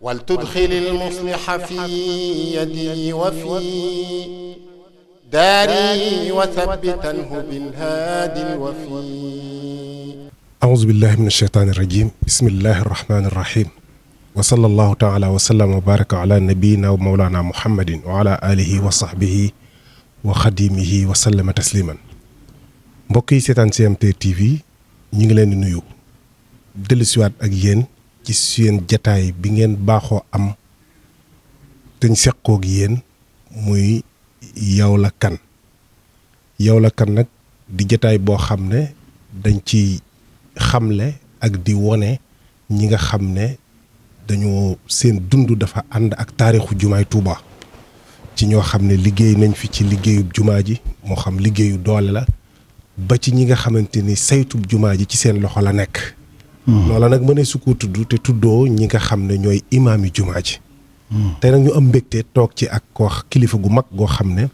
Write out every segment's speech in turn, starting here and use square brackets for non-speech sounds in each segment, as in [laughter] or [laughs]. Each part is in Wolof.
ولتدخل المصلح في يدي وفي داري وثبتنه بالهادي الوفي أعوذ بالله من الشيطان الرجيم بسم الله الرحمن الرحيم وصلى الله تعالى وسلم وبارك على نبينا ومولانا محمد وعلى آله وصحبه وخديمه وسلم تسليما mbokk yi seetaan GMT TV ñu ngi leen di nuyu dellusiwaat ak yéen ci seen jataay bi ngeen baaxoo am teñ seqoog yéen muy yow la kan yow la kan nag di jataay boo xam ne dañ ci xamle ak di wone ñi nga xam ne dañoo seen dund dafa ànd ak taarixu jumaay tuuba ci ñoo xam ne liggéey nañ fi ci liggéeyub jumaa ji moo xam liggéeyu doole la ba ci ñi nga xamante ni saytub jumaa ji ci seen loxo la nekk Hmm. loola nag mën ne tudd te tuddoo ñi nga xam ne ñooy imaam yi jumaa ji hmm. tey nag ñu am mbégte toog ci ak kilifa gu mag goo xam ne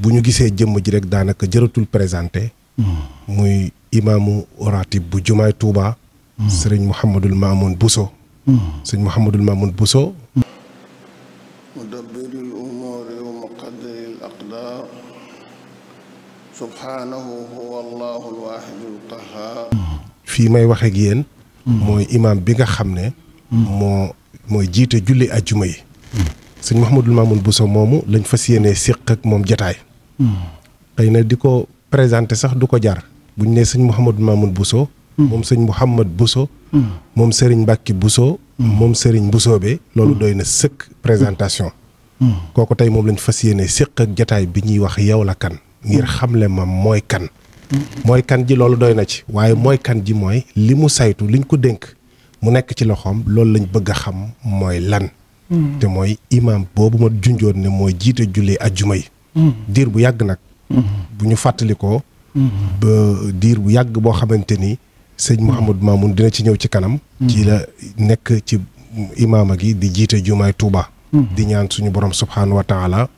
bu ñu gisee jëmm ji rek daanaka jëratul présenté hmm. muy imaamu ratib bu jumaay Touba. sëriñ Mouhamadul Mamoun Bousso sëriñ Mouhamadul Mamoun Bousso mudabbiril umuuri wa muqaddiril aqdaar subhaanahu huwa allahu alwaahidul qahhaar fii may wax ak yéen. mooy imaam bi nga xam ne. moo mooy jiite julli ajjuma yi. sëñ Mouhamadul Mamoun Bousso moomu lañ fas yéenee séq moom jataay. xëy na di ko présenté sax du ko jar buñ nee sëñ Mouhamadul Mamoun Bousso. moom sëñ Mouhamad Bousso. moom Serigne Mbacke Bousso. moom Serigne Bousso be loolu doy na sëkk présentation. kooku tey moom lañ fas yéenee séq ak jataay bi ñuy wax yow la kan. ngir xamle ma mooy kan. mooy kan ji loolu doy na ci waaye mooy kan ji mooy li mu saytu liñ ko dénk mu nekk ci loxoom loolu lañ bëgg a xam mooy lan hmm. te mooy imaam boobu ma junjoon ne mooy jiite julli ak jumay hmm. diir bu yàgg nag hmm. bu ñu fàttalikoo ba diir bu yàgg boo xamante ni sëñ Mouhamadou Mamoun dina ci ñëw ci kanam ci la nekk ci imaama gi di jiite jumaay tuuba di ñaan suñu borom subhaanahu wa taala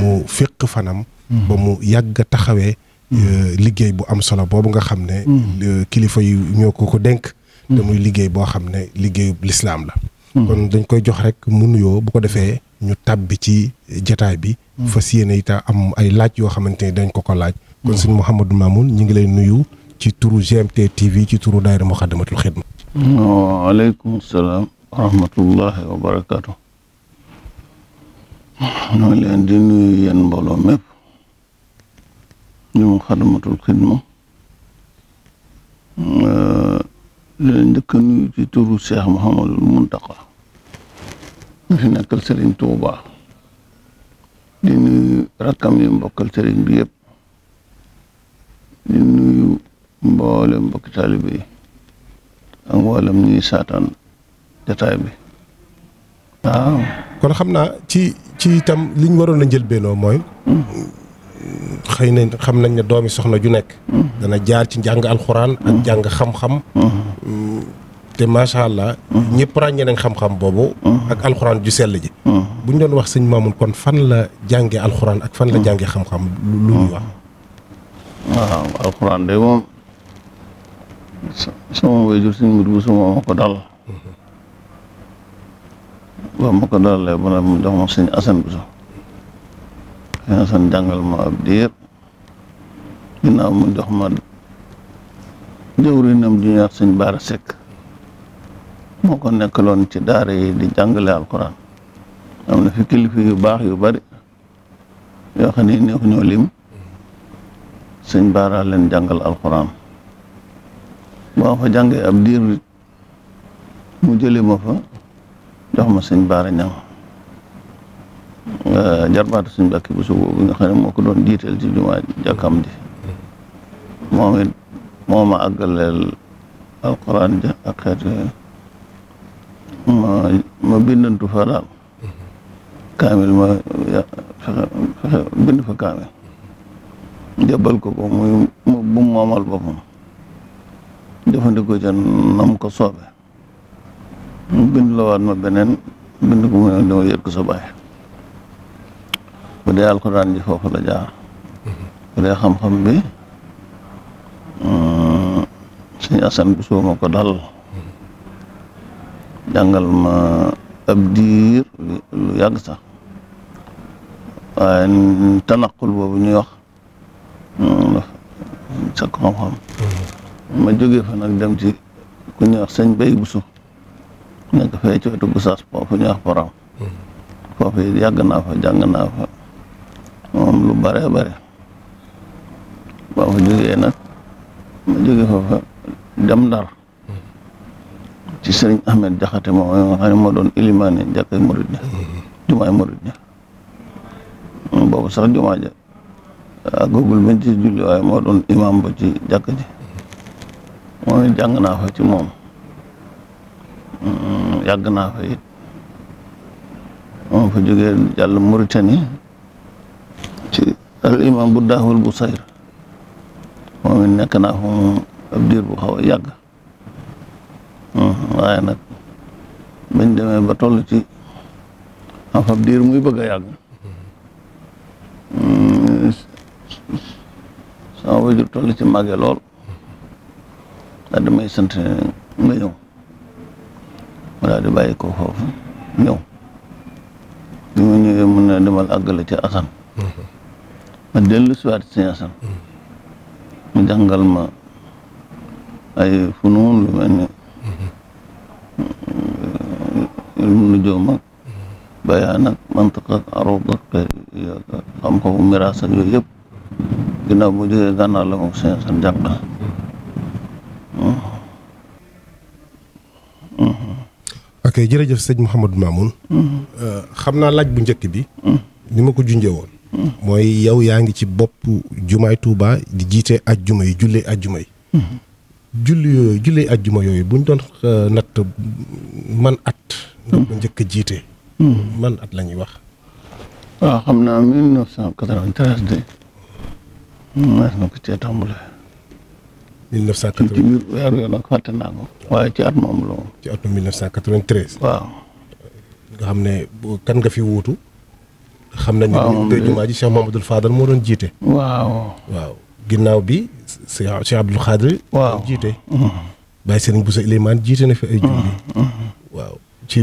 mu fiq fanam ba mu yàgg a taxawee Euh, liggéey bu am solo boobu nga xam ne. Mm. Euh, kilifa yi ñoo ko ko dénk. Mm. te muy liggéey boo xam ne liggéeyu lislaam la. Mm. kon dañ koy jox rek mu nuyoo bu ko defee ñu tàbbi ci jataay bi. fas yéene itam am ay laaj yoo xamante ni dañ ko ko laaj. kon sëñ Mouhamadou Mamoun ñu ngi lay nuyu ci turu GMT TV ci turu daayira Moukhaddamatoul Khidma. waaleykum salaam wa rahmatullahi wa barakaatu. ñoo leen di nuyu yéen mbooloo mépp ñu Muxaddamatul Xidma euh, leen njëkk a nuyu ci turu Cheikh Mouhamadul Muntaqa ñu fi nekkal Serigne Touba di nuyu rakkam yi mbokkal Serigne bi yëpp di nuyu mboole mbokki taalibe yi ak mboolem ñuy saataan bi kon xam naa ci ci itam liñ waroon a njëlbeenoo mooy hmm. xëy na xam nañ ne doomi soxna ju nekk. dana jaar ci njàng alxuraan. ak jàng xam-xam. te macha allah. ñëpp ràññee nañ xam-xam boobu. ak alxuraan ju sell ji. buñ doon wax sëñ Mamoun kon fan la jànge alxuraan ak fan la jànge xam-xam. lu ñu wax. alxuraan de moom sama waajur sëñ Mudu Buso moo ma ko dal. waaw mhm. ma ko dalalee ba mu jox ma sëñ Asan Buso dana san jàngal ma ab diir mu jox ma jëwrinam ju ñuy wax Baara Seck moo ko nekkaloon ci daara di jàngale alquran am na fi kilifa yu baax yu bari yoo xam ne neex ñoo lim sëñ Baara leen jàngal alxuraan boo fa jàngee ab diir mu jëlee ma fa jox ma sëñ Baara ñam Euh, jarbaatu suñ bàkki bu su boobu nga moo ko doon jiital ci jumaa jàkkam ji moom it moo ma àggaleel alquran ja ak ma ma bindantu kaamil ma fexe kaamil jabal ko ko muy bu moomal boppam jëfandikoo ca nam ko soobe mu bind lawaat ma beneen bind ko mu ne dama yët bu dee alquran ji foofu la jaar bu dee xam-xam bi mm, suñu asan bu sooma ko dal jàngal ma ab lu yàgg sax waaye boobu ñuy mm, wax sa xam-xam ma jógee fa nag dem ku ñuy wax sëñ bay bu su nekk fee ci wetu gusaas foofu ñuy yàgg naa fa naa moom lu bare bare ba fa jógee nag ma jóge foofa dem ci sëriñ Ahmed Jaxate moom nga xam ne moo doon ilimaane jàkkay murid ja sax jumaa ja agogul bañ ci julli waaye moo imam ba ci jàkk moom it jàng fa ci moom mm, yàgg naa fa it moom fa jógee jàll Mauritanie ci al imam bu daawul bu sayr moom it nekk naa fa moom bu xaw a yàgg hmm, waaye nag bañ demee ba toll ci am fab diir muy bëgg a yàgg hmm, sama wajur toll ci màgge lool daal di may sant nga mu daal di bàyyi ko foofu ñëw mu ñëwee mun na demal àggale ci asan hmm. ma dellu si waat sëñ Asan mu jàngal ma ay funuun lu mel ni ilmu eh, nujuum ak bayaan ak mantiq xam miraas ak yooyu yëpp ginnaaw bu jógee gànnaar la moom sëñ Asan jàng ok jërëjëf sëñ Mouhamadou Mamoun mm-hmm. eh, xam naa laaj bu njëkk bi mm-hmm. ni ma ko junjee woon mooy yow yaa ngi ci bopp jumaay Touba di jiite ajjuma yi julli ajjuma yi. julli yooyu julli ajjuma yooyu buñ doon euh, natt man at. nga ko njëkk a jiite. man at la ñuy wax. waaw ah, xam naa 1993 de. mas na ko cee tàmbalee. 1993 ci biir weeru yoon nag fàtte naa moom la woon. ci atum 1993. waaw. nga xam ne kan nga fi wuutu. xam nañ ne jumaa ji Cheikh Mamadou Fadal moo doon jiite. waaw waaw ginnaaw bi Cheikh Abdoul Khadri. waaw jiite. Baye Serigne Boussa Ilimane jiite na fi ay julli. waaw ci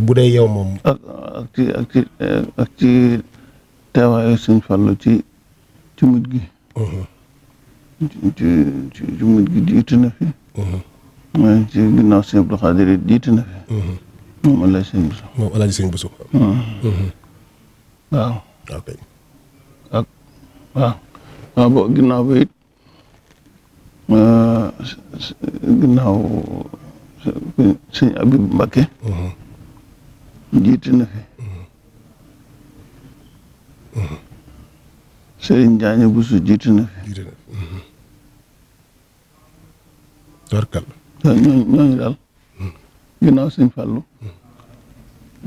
bu dee yow moom. ak ci ak ci ci teewaayu Serigne mujj gi. ci mujj gi jiite na fi. Uhuh. waaye ci ginnaaw Serigne Abdoul Khadri jiite na fi. Uhuh. moom El Hadj Sëñ Bousso. moom El Hadj Sëñ Bousso. Hmm. Hmm. waaw. ok. ak waaw. waaw bo ginnaaw ba it uh, Abib Mbakke. Hmm. jiite na fi. Serigne Njaañ Bousso jiite na fi. jiite na fi. daal. ginnaaw sëñ Fallou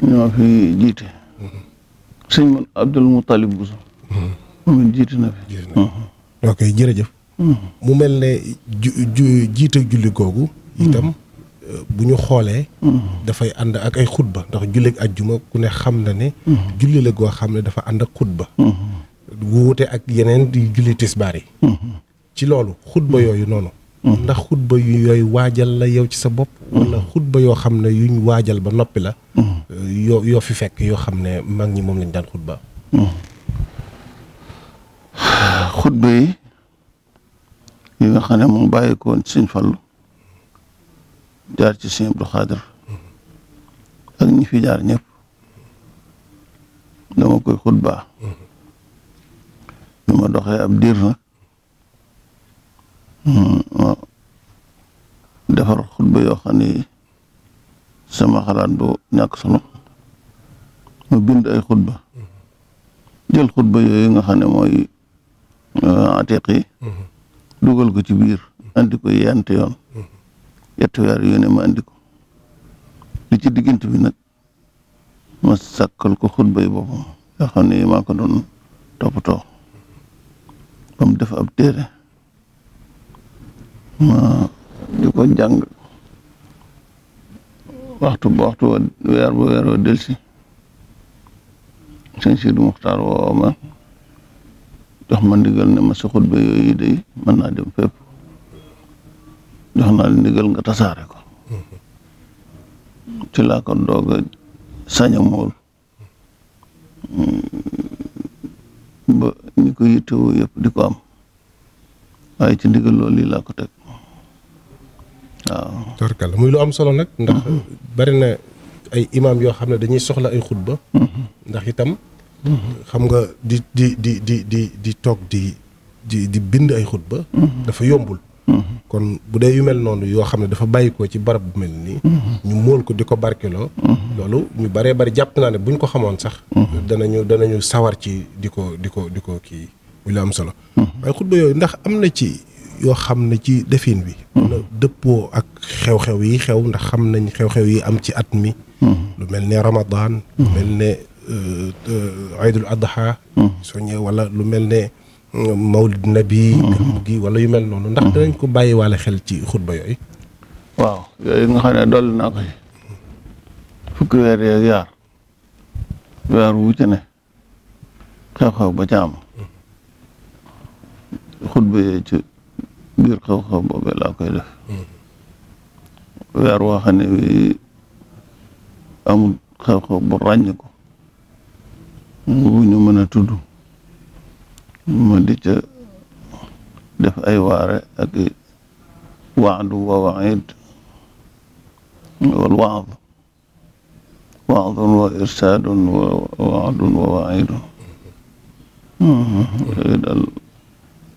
ñoo fi jiite sëñ man Abdul Moutalib Bousso moom it jiite na fi ok jërëjëf mu mel ne ju julli googu itam euh, bu ñu xoolee dafay ànd ak ay xutba ndox julli ak ajjuma ku ne xam na ne julli la goo xam ne dafa ànd ak xutba wuute ak yeneen di julli tisbaar yi ci loolu xutba yooyu noonu ndax xutba yu yooyu waajal la yow ci sa bopp wala xutba yoo xam ne yuñ waajal ba noppi la yoo yoo fi fekk yoo xam ne mag ñi moom lañ daan xutba xutba yi ñu nga xam ne moom bàyyi ko Sëñ Fallu jaar ci Sëñ Abdu Xaadir ak ñi fi jaar ñëpp dama koy xutba bi ma doxee ab diir nag hmm. yoo xam ni sama xalaat bu ñàkk solo mu bind ay xutba jël xutba yooyu nga xam ne mooy euh, atiq dugal ko ci biir andi ko yante yoon yetti weer yu ma andi ko li ci diggante bi nag ma sàkkal ko xutba yi boppam yoo xam ne maa ko doon toppatoo ba def ab téere ma di ko waxtu bu waxtu wa weer bu wa delsi sëñ Sidi Muxtaar woo ma jox ma ndigal ne ma sa xutba yooyu day mën naa dem fépp jox naa ndigal nga tasaare ko ci laa ko doog a mool mm, ba ñi ko yittewoo yëpp di ko am waaye ci ndigal lool lii laa ko teg waaw muy lu am solo nag. ndax bari na ay imaam yoo xam ne dañuy soxla ay xutba. ndax itam. xam nga di di di di di di toog di di di bind ay xutba. dafa yombul. kon bu dee yu mel noonu yoo xam ne dafa bàyyikoo ci barab bu mel nii. ñu mool ko di ko barkeloo. loolu ñu baree bari jàpp naa ne buñ ko xamoon sax. dana dana ñu sawar ci di ko di ko di ko kii. muy lu am solo. waaye xutba yooyu ndax am na ci. yoo xam ne ci defin bi hmm. dëppoo ak xew-xew yi xew ndax xam nañ xew-xew yi am ci at mi hmm. lu mel ne ramadan lu hmm. mel ne aydul euh, euh, adha soñe wala lu mel ne mm, mawlid nabi gàmm gi wala yu mel noonu ndax dinañ ko bàyyi xel ci xutba yooyu waaw yooyu nga xam ne dolli naa ko fukki weer yeeg yaar weer wu ne xew-xew ba ca am xutba yooyu ci biir xew-xew boobe laa koy def weer woo xam ne xew-xew bu ràññ ko bu ñu mën a tudd ma di ca def ay waare ak waadu wa waid wal waad waadun wa irsaadun wa waadun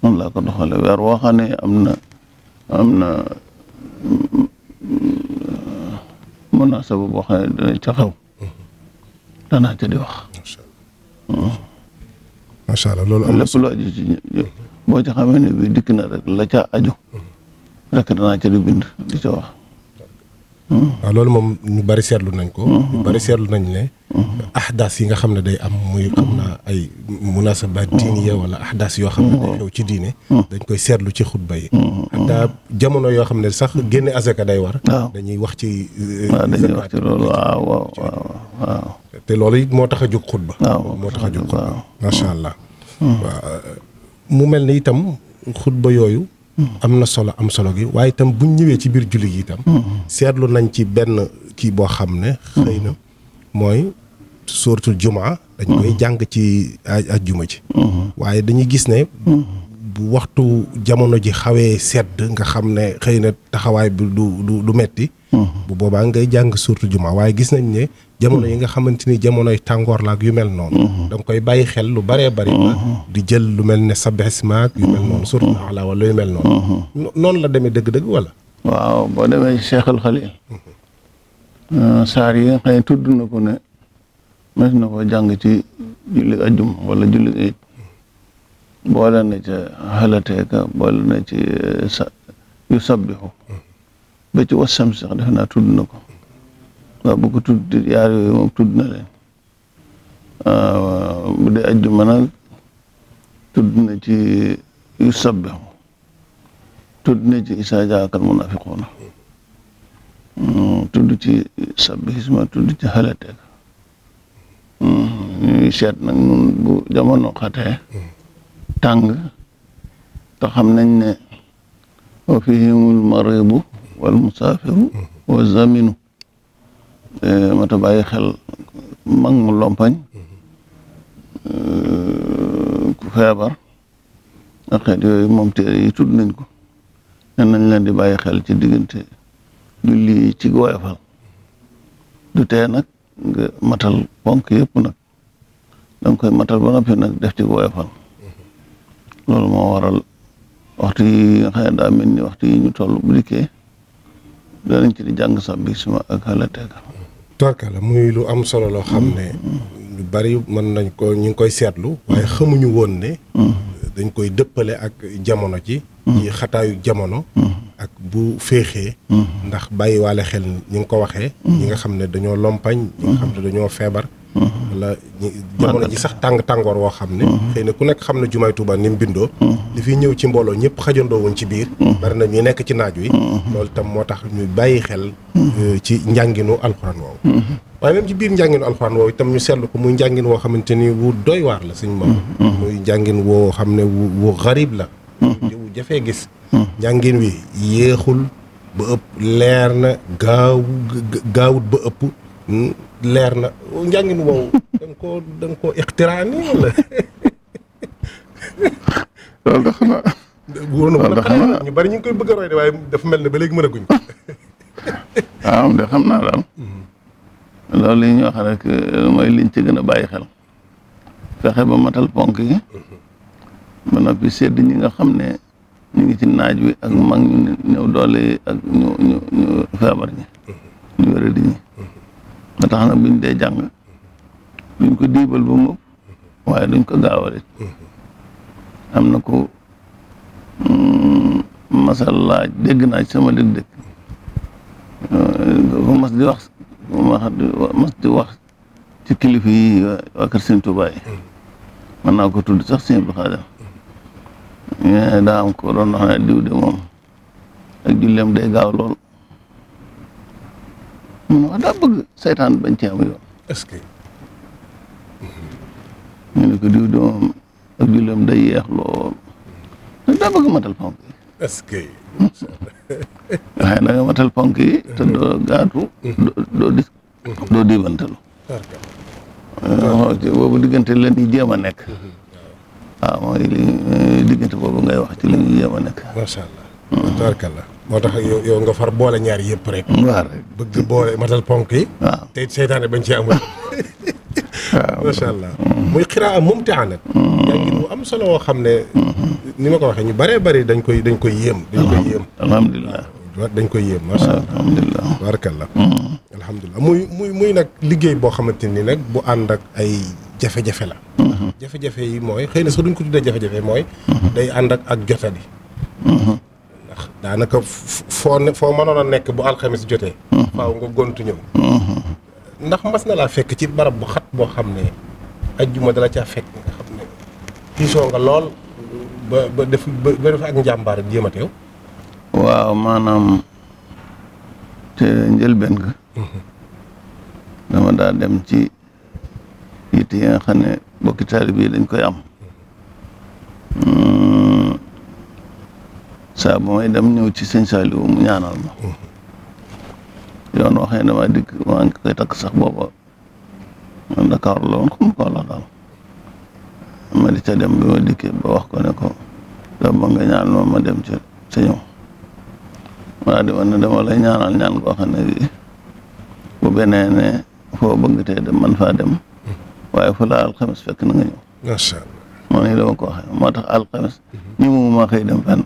noonu laa ko doxale weer woo xam am na am na mm, munasaba boo xam ne dana ca xew danaa di wax allah loolu am na lépp aju ci boo ci xamee ne bi dikk na rek la ca aju rek danaa ca di bind di ca wax waaw loolu moom ñu bari seetlu nañ ko. Mm-hmm. ñu bari seetlu nañ ne. Mm-hmm. ahdaas yi nga xam ne day am muy am na mm-hmm. ay munasaba diiniya wala ahdaas yoo xam ne day xew ci diine. dañ koy seetlu ci xutba yi. xataa jamono yoo xam ne sax génne azaka day war. dañuy wax ci. waaw euh, dañuy wax ci loolu te loolu it moo tax a jóg xutba. waaw moo tax a jóg xutba macha allah. Euh, mu mel ni itam xutba yooyu. am na solo am solo gi waaye itam buñ ñëwee ci biir julli gi itam. Mm-hmm. seetlu nañ ci benn kii boo xam ne. xëy na mm-hmm. mooy sóortul jumaa mm-hmm. dañ koy jàng ci ajjuma ci waaye dañuy gis ne. bu waxtu jamono ji xawee sedd nga xam ne xëy na taxawaay bi du du du metti Mm-hmm. bu boobaa ngay jàng surtout juma waaye gis nañ ne jamono yi nga mm-hmm. xamante ni jamonoy tàngoor la ak yu mel noonu mm-hmm. danga koy bàyyi xel lu bëree bëri la di jël lu mel ne sabesma ak yu mel noonu surtout la demee dëgg-dëgg wala waaw boo demee Cheikhul Khalil uh, saar yi nga xam ne ko ne mës na ko jàng ci julli ajjum wala julli ayit boole na ci xalateeka boole na ci yu sabbihu ba ci wasam sax defe naa tudd na ko waaw bu ko tudd yaar yooyu moom tudd na leen bu dee ajjuma tudd na ci yu tudd na ci isa jaakal munafiquuna tudd ci sabbihisma tudd ci xalateeg hmm, ñuy seet nag nun bu jamono xatee tàng te xam nañ ne wa fihimul maribu wal musaafiru wa zaminu eh, mata bàyyi xel mag mu lompañ eh, ku feebar ak xeet yooyu moom téere yi tudd nañ ko ne nañ leen di bàyyi xel ci diggante du lii ci woyofal du tee nag matal ponk yëpp nag danga koy matal ba noppi nag def ci woyofal loolu moo waral waxtu yi nga xam ne yi ñu toll bu danañ ci di jàng sabbi ak xalaatee torka muy lu am solo loo xam ne lu bari mën nañ ko ñu ngi koy seetlu waaye xamuñu woon ne dañ koy dëppale ak jamono ji ñi xataayu jamono ak bu féexee ndax bàyyiwaale xel ñu nga ko waxee ñi nga xam ne dañoo lompañ ñi nga xam ne dañoo feebar la jamono ji sax tàng tàngoor woo xam ne mhm. xëy na ku nekk xam ne jumaay Tuuba ni mu bindoo mhm. li fi ñëw ci mbooloo ñëpp xajandoo wuñ ci biir mhm. bari na ñuy nekk ci naaj wi loolu tam moo tax ñu bàyyi xel euh, ci njànginu alxuraan woowu waaye même ci biir njànginu alxuraan woowu tam ñu seetlu ko muy njàngin woo xamante ni wu doy waar la suñ moom xam ne wu xarib la di wu jafee gis njàngin wi yéexul ba ëpp leer na gaaw gaawut ba ëpp leer na njàngin woowu da nga koo da nga koo ixtiraani wala. loolu de xanaa. ñu bari ñu koy bëgg waaye dafa mel ne ba léegi mënaguñ ko. waaw de xam naa daal. loolu liñ ci gën bàyyi xel. fexe ba matal ponk yi. ba sedd xam ne ñu ngi ci naaj wi ak mag ñu néew doole yi ak ñu ñu feebar ñi. ñu wér ñi. ba tax na buñ dee jàng duñ ko diibal ba mu waaye duñ ko gaawalit am na ko mm, masal laaj dégg naa ci sama dëgg ko mas di wax mas di wax ci kilifa yi waa kër Sëñ naa ko tudd sax Sëñ Abdu Xaadir daa ko doon wax ne diw de moom ak julleem day gaaw lool mu ne ma daa bëgg saytaan bañ ci am yoon. est-ce que. ñu ne ko diw doom ak jullam day yeex lool daa bëgg matal ponk yi. est-ce que. [laughs] waaye da nga matal ponk yi. te gaatu. doo di doo eh, boobu diggante leen di jéem a nekk. waaw ah, mooy li eh, diggante boobu ngay wax ci li ñuy jéem nekk. allah. moo tax yow nga far boole ñaari yëpp rek. waaw bëgg boole matal ponk yi. te it seytaane bañ ci amul. waaw macha allah. muy xiraa mumtaa nag. jàngin mm-hmm. bu am solo woo xam ne. Mm-hmm. ni ma ko waxee ñu bëree bëri dañ koy dañ koy yéem. dañ koy yéem alhamdulilah. dañ koy yéem macha allah alhamdulilah. Mm-hmm. muy muy muy nag liggéey boo xamante ni nag bu ànd ak ay jafe-jafe la. jafe-jafe yi mooy xëy na sax duñ ko tuddee jafe-jafe mooy. day ànd ak ak jotadi. ndax daanaka foo foo mënoon a nekk bu alxamis jotee. faaw nga gontu ñëw. ndax mas na laa fekk ci barab bu xat boo xam ne ajjuma dala caa fekk nga xam ne tiisoo nga lool ba def ak njàmbaar jéem a teew. waaw maanaam te njëlbeen ga mhm. dama daa dem ci yitte yi nga xam ne bokki taalib yi dañ koy am. Mhm. Hmm. saa ba may dem ñëw ci sëñ Saliou mu ñaanal ma yoon waxee dama dikk maa ngi takk sax booba man Dakar la woon xum ko la daal di ca dem bi ba wax ko ne ko dama nga ñaan ma ma dem ca ca ñëw ma dem man faa dem waaye fu laa alxames fekk na nga ñëw. macha allah man dama ko waxee moo tax alxames. ñu mu ma xëy dem fenn.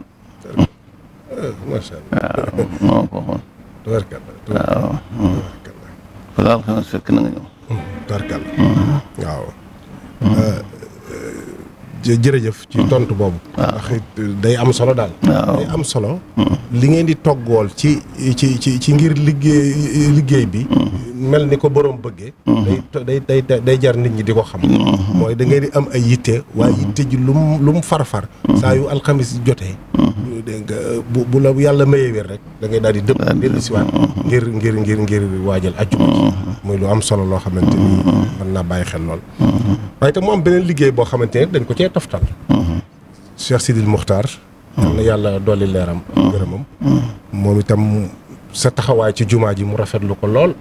Eh, macha allah waaw ah, ah, oh, oh. na nga ñëw. Hmm, hmm. Hmm. Eh, eh, jërëjëf. ci tontu boobu. Ah. day am solo daal. Oh. day am solo. li ngeen di toggool ci ci ci ci ngir liggéey liggéey bi. mel ni ko boroom bëggee. day day day jar nit ñi di ko xam. mooy da di am ay yitte. waaye yitte ji lu mu lu mu farfar. saa yu alxamis jotee. Mm-hmm. dégg nga bu bu yàlla mayee wér rek da ngay daal di dëpp dellu si mm-hmm. ngir ngir ngir ngir waajal ajjuma mm-hmm. muy lu am solo loo xamante ni mën naa bàyyi xel lool waaye itam mu am beneen liggéey boo xamante ne dañ ko cee toftal Cheikh Sidil Muxtaar am na yàlla dolli leeram gërëmam moom itam sa taxawaay ci jumaa ji mu rafet lu ko lool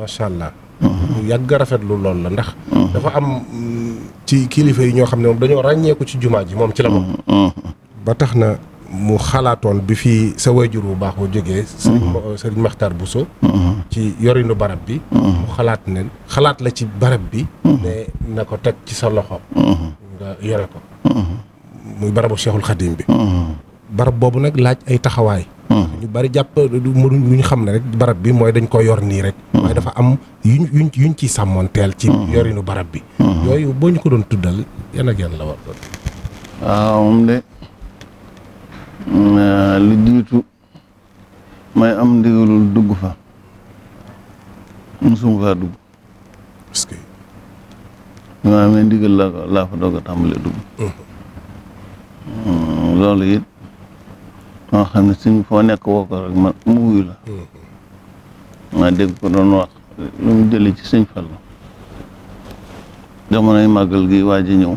macha allah lu yàgg a rafetlu lool la ndax dafa am mm, ci kilifa yi ñoo xam ne moom dañoo ràññeeku ci jumaa ji moom ci la moom ba tax na mu xalaatoon bi fi sa waajur bu baax bu jógee. sëriñ mm-hmm. sëriñ bu Bousso. Mm-hmm. ci yorinu barab bi. Mm-hmm. mu xalaat ne xalaat la ci barab bi. ne na ko teg ci sa loxo. nga yore ko. muy barabu Cheikhul Khadim bi. barab boobu nag laaj ay taxawaay. ñu bari jàpp mënuñ ñu xam ne rek barab bi mooy dañ ko yor nii rek. waaye dafa am yuñ yuñ yuñ ciy teel ci yorinu barab bi. yooyu boo ñu ko doon tuddal yan ak yan la war. waaw Euh, lu jiitu may am ndigalul dugg fa musuma faa dugg parce que bi ma amee ndigal laa ko laa fa a tàmbalee dugg mm-hmm. euh, loolu it moo xam ne suñ foo nekk woo ko rek mu wuyu ma mm-hmm. dégg ko doon lu mu jëlee ci sëñ Fallu jamonoy màggal gi waaj a ñëw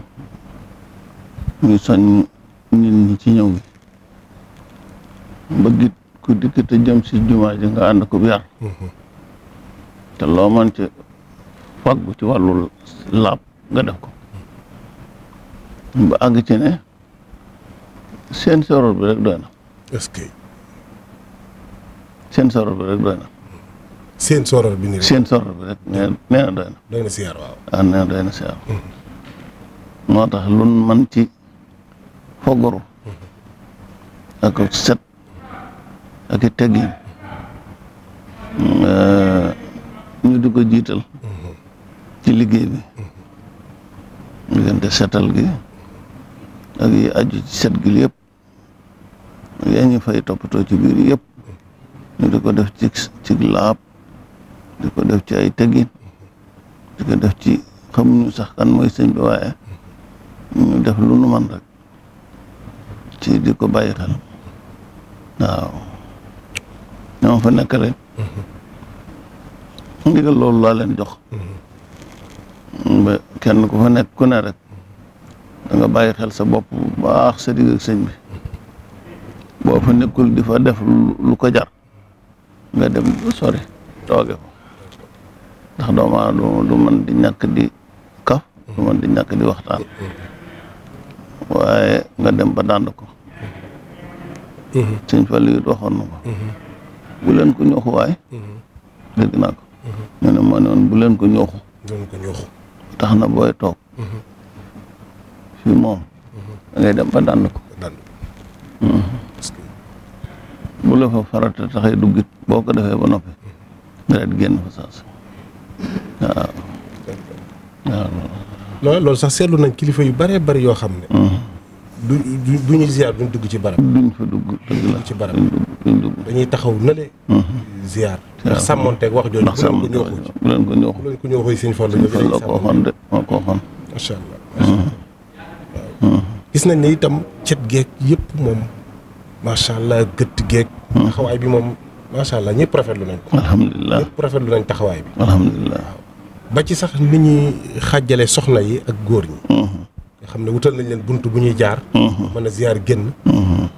muy soñ nit ñi ci ñëw gi bëggit ku dikk te jëm si jumaa ji nga ànd ko yar mm-hmm. te loo man ci fàggu ci wàllu laab nga def ko ba àgg ci ne seen soror bi rek seen soror bi rek doy na seen soror bi nii seen soror bi rek nee na doy na ah, mm-hmm. tax lun man ci fogoru mm-hmm. ak set ak i uh, ñu di ko jiital ci liggéey bi diggante setal gi ak ci set gi yëpp yaa ñu fay toppatoo ci biir yépp ñu di ko def ci ci laab di ko def ci ay teggin di ko def ci xamuñu sax kan mooy sëñ bi waaye ñu def lu nu man rek ci di ko bàyyi xel waaw ñoo fa nekk rek mm-hmm. ndigal loolu laa leen jox mm-hmm. ba kenn ku fa nekk ku rek da nga bàyyi xel sa bopp bu baax sa digg ak bi mm-hmm. boo fa nekkul di fa def lu ko jar nga dem bu sori tooge ko ndax doomu aadama du mën di ñàkk di kaf du di ñàkk di waxtaan waaye nga dem ba dànd ko sëñ Fallu waxoon na ko bu leen ko ñoxu waaye mm-hmm. naa ko mm-hmm. ñu ne ma noon bu leen ko ñoxu tax na booy toog mm-hmm. fii moom da ngay dem ba dànd ko bu la fa farata taxee duggit boo ko defee ba noppi deret génn fa saas waaw waaw loolu sax seetlu nañ kilifa yu bëree bëri yoo xam ne du du ñu dugg ci barab duñ fa dugg dëgg la dañuy taxaw nële. Mm-hmm. ziar. ndax sàmmonteeg wax jooju. ndax sàmm bu leen ko ñëw bu leen ko ñëw xëy sëñ Fallou Diop. sëñ Fallou ko waxoon de moo ko waxoon. macha mm-hmm. allah. waaw gis nañ ne itam cet geek yëpp moom macha allah gëtt geek. Mm-hmm. taxawaay bi moom macha allah ñëpp lu nañ ko. alhamdulilah ñëpp rafetlu nañ taxawaay bi. ba ci sax ni ñuy xàjjale soxna yi ak góor ñi. nga xam ne wutal nañ leen bunt bu ñuy jaar. mën a ziar génn.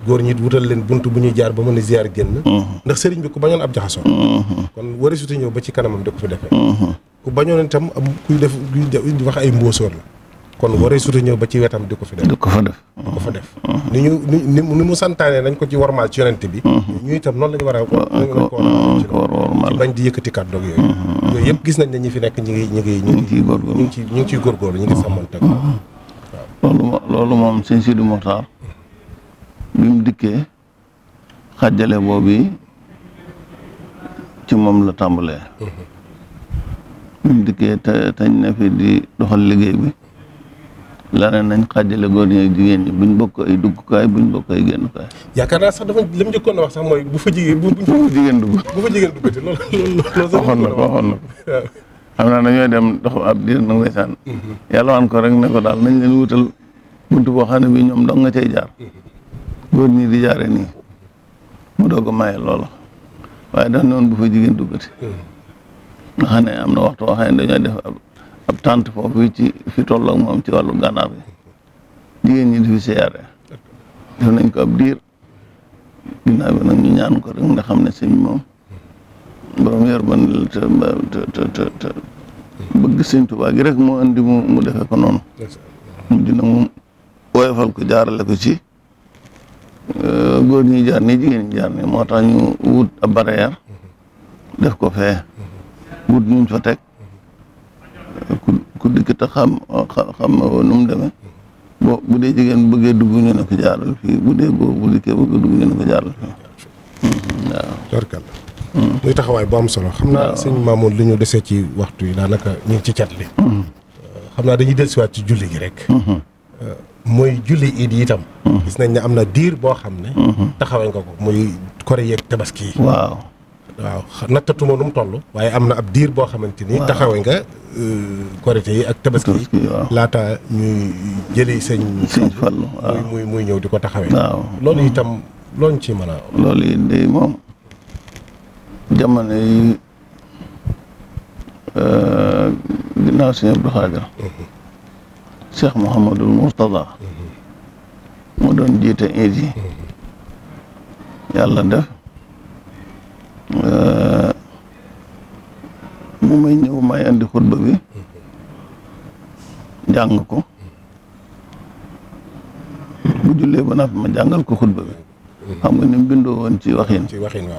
góor ñi wutal leen bunt bu ñuy jaar ba mën a ziar génn mm-hmm. ndax sëriñ bi ku bañoon ab jaxasoo mm-hmm. kon wari suta ñëw ba ci kanamam di ko fi defee mm-hmm. ku bañoon itam am kuy def kuy wax ay mbóosóor la kon waree suta ñëw ba ci wetam di ko fi def di ko fa def di ko fa def ni ñu ni ni mu santaane nañ ko ci warmaal ci yonent bi ñu itam noonu la ñu war a ko war ci bañ di yëkkati kàddoog yooyu yooyu yëpp gis nañ ne fi nekk ñi ngi ñi ngi ñu ngi ciy góorgóorlu ñu ngi sàmmante waaw loolu moom bi dikkee xàjjale boobu ci moom la tàmbalee bi mu dikkee te tañ ne di doxal liggéey bi la ne nañ xàjjale góor ñi ak jigéen ñi buñ bokk ay duggukaay buñ bokk ay genn yaakaar naa sax dafa li a wax sax mooy bu fa jigéen bu [laughs] fa jigéen dugg bu fa ko waxoon na ko xam naa dañooy dem dox ab diir nag ndeysaan mm-hmm. yàlla waan ko rek ne ko daal nañ leen wutal bunt boo xam bi ñoom dong nga cay jaar mm-hmm. góor ñi di jaare nii mu doog maye loola waaye dax noonu bu fa jigéen duggati nga xam hmm. am na waxtu woo xam ne dañoo def ab tànt foofu ci fi toll moom ci wàllu gànnaar bi jigéen ñi di fi siyaare def nañ ko ab diir ginnaaw bi nag ñaan ko rek nga xam ne sëñ moom borom yor ba te te te bëgg sëñ Tuubaa gi rek moo andi mu defe defee ko noonu mujj na woyofal ko jaarale ko ci Euh, góor ñi jaar nii jigéen ñi jaar nii moo tax ñu wut ab barrière def ko fee wut ñuñ fa teg ku ku dikk te xam xam nu mu demee boo bu dee jigéen bëggee dugg ñu ne ko jaaral fii bu dee boo bu dikkee bëgg fii muy hmm, hmm. taxawaay boo am solo. xam naa sëñ Mamoun li ñu desee ci waxtu yi daanaka ñu ngi ci cat li. Hmm. xam naa dañuy dellusiwaat ci julli gi rek. Euh, mooy julli iid yi itam. gis nañ ne am na diir boo xam ne. taxawee nga ko muy kore yeeg tabaski yi. waaw waaw nattatuma nu mu toll. waaye am na ab diir boo xamante ni. taxawee nga euh, korite yi ak. tabaski yi laata ñuy jëli sëñ. sëñ muy muy ñëw di ko taxawee. waaw loolu itam looñ ci mën a. loolu yi de moom jamono yi euh, ginnaaw sëñ Abdou Xaadir Cheikh Mouhamadul Mourtada mu doon jiite iid yi yàlla eh, mu may ñëw may andi xutba bi jàng ko bu jullee ba noppi ma jàngal ko xutba bi xam nga ni bindoo woon ci waxin ci waxin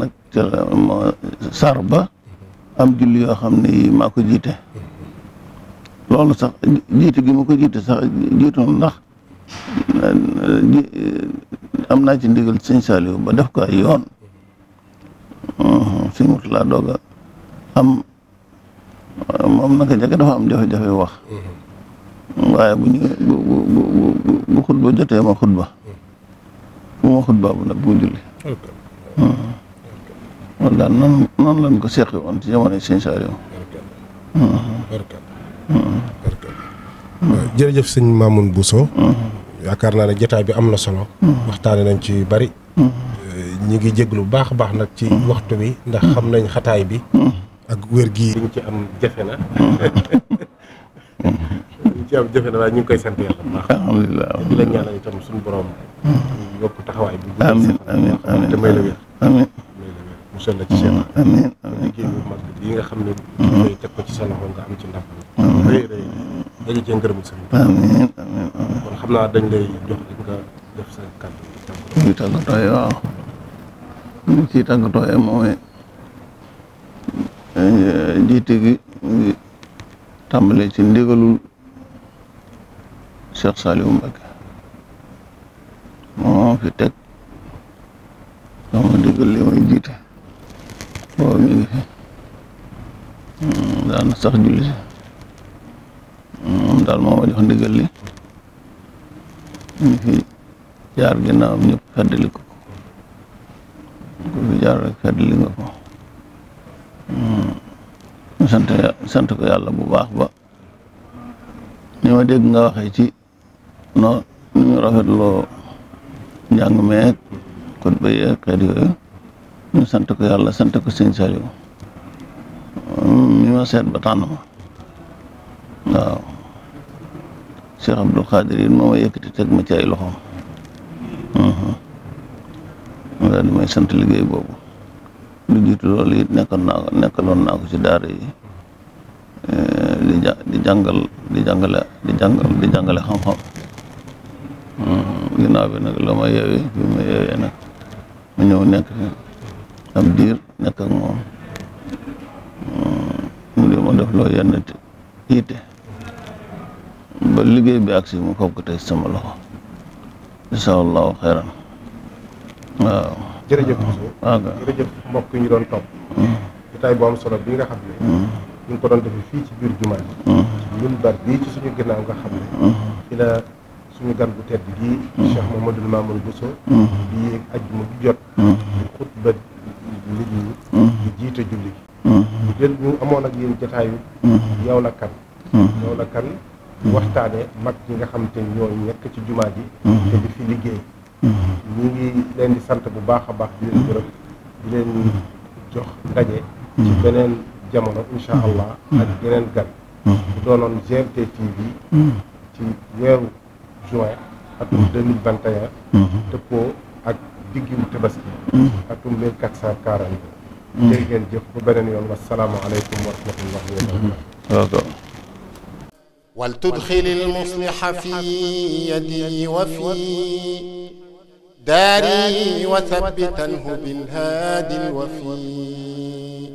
nag sar ba am julli yoo xam ne maa ko jiite loolu sax jiitu gi ma ko jiitu sax jiitoon ndax eh, am naa ci ndigal sëñ Saliou ba def ko ay yoon sëñ Murtala doog a am moom naka jege dafa am jafe-jafe wax waaye bu ñu bu bu bu xutba jotee ma xutba bu ma xutba bu nag bu julli wala noonu noonu lañ ko seqi woon ci jamono sëñ jërëjëf sëñ Mamoun Bousso yaakaar naa ne jataay bi am na solo waxtaane nañ ci bari ñi ngi lu baax baax nag ci waxtu bi ndax xam nañ xataay bi ak wér gi liñ ci am jafe na liñ ci am jafe na waaye ñu ngi koy sant yàlla baax alhamdulilah di la ñaanal itam suñu borom yokk taxawaay bi amiin amiin amiin damay la wér musal la ci seen mm, amiin liggéey bu mag bi nga xam ne koy mm. teg ko ci sa loxo nga am ci ndam mm. rëy rëy dañu cee ngërëmu sëriñ amiin amiin kon xam naa dañ lay jox rek nga def sa kàddu muy tàggatooy waaw ñu ciy tàggatooy mooy eh, jiite gi ngi tàmbalee ci ndigalul Cheikh Saliou Mbacké moo fi teg dama digal li may jiite koor mi ngi fi hmm, daana sax julli si hmm, moom ma jox ndigal li fi jaar ginnaawam ñëpp feddali ko ko fi jaar rek feddali nga ko ñu hmm, sant sant ko yàlla bu baax ba ni ma dégg nga waxee ci no ñu rafetloo njàng meeg code ba yeeg xeet yooyu ñu sant ko yàlla sant ko sëñ Saliou mi ma seet ba tànn ma waaw Cheikh Abdoul Khadir yi moo ma yëkkati teg ma ci ay loxoom mhm. daal di may sant liggéey boobu lu jiitu loolu naa ko nekkaloon naa ko ci daara yi eh, di ja di jàngal di jàngale di jàngal di jàngale xam mhm. ginnaaw bi nag la ma yeewee bi ma yeewee nag mu ñëw nekk am diir nekk ak moom mu di ma def loo yenn yitte ba liggéey bi agsi mu foog ko sama loxo incha allahu xeeran waaw jërëjëf waaw jërëjëf mbokk ñu doon topp hmm. jotaay bu am solo bi nga xam ne hmm. ñu ngi ko defee fii ci biir jumaa ji ñun hmm. bar bii ci suñu nga xam ne fi la suñu gan bu tedd gii Cheikh Mamadou Mamoun jot di xutba nit ñi mm-hmm. di jiite julli mm-hmm. bu den ñu amoon ak yéen jataayu mm-hmm. yow la kan yow la kan waxtaane mag ñi nga xam te ñoo ñekk ci jumaa ji te di fi liggéey ñu ngi leen di sant bu baax a baax di leen gërëm di leen jox ndaje ci beneen jamono insha allah ak beneen gan bu doonoon GMT TV ci weeru juin atum 2021 dëppoo ak diggiwu tabaski mm-hmm. atum 1440 mm-hmm. jërë ngeen jëf bu beneen yoon wasalaamualeykum wa rahmatullahi wa barakatuh ولتدخل المصلح في يدي وفي داري وثبتنه بالهادي الوفي